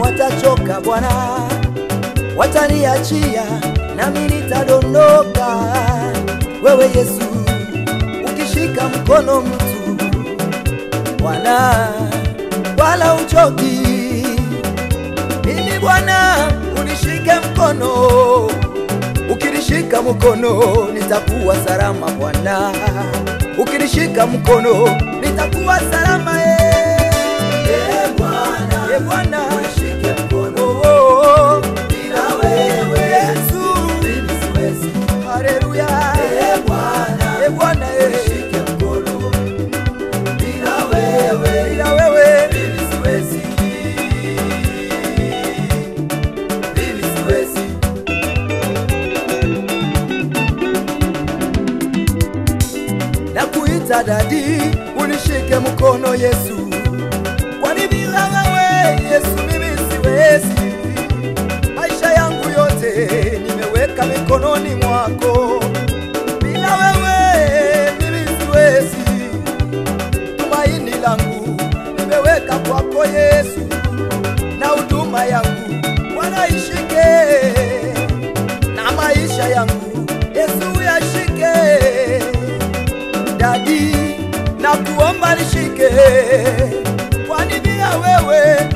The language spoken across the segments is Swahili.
watachoka Bwana, wataniachia nami nitadondoka. Wewe Yesu ukishika mkono mtu Bwana, wala uchoki. Mimi Bwana unishike mkono, ukinishika mkono nitakuwa salama Bwana, ukinishika mkono nita na kuita dadi, unishike mkono Yesu, kwani bila wewe Yesu mimi siwezi. Maisha yangu yote nimeweka mikononi mwako. watu wambalishike kwanini ya wewe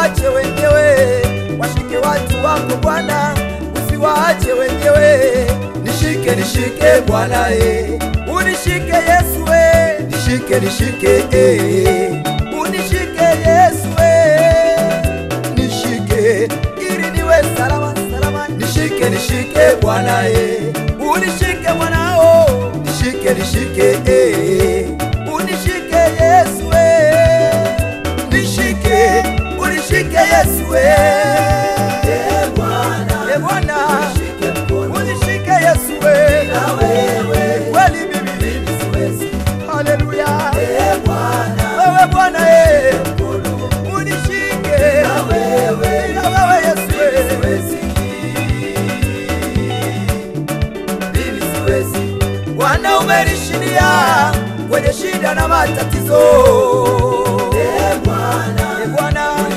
usiwaache wenyewe, washike watu wako Bwana, usiwaache wenyewe. Nishike nishike Bwana e, unishike Yesu e, nishike nishike e, unishike Yesu e, nishike ili niwe salama salama. Nishike nishike Bwana e, unishike mwanao, nishike nishike e Bwana, unishike Yesu wewe, kweli mimi siwezi. Haleluya, wewe Bwana eh. unishike wewe Yesu Bwana umenishindia kwenye shida na matatizo. Ee Bwana, eh,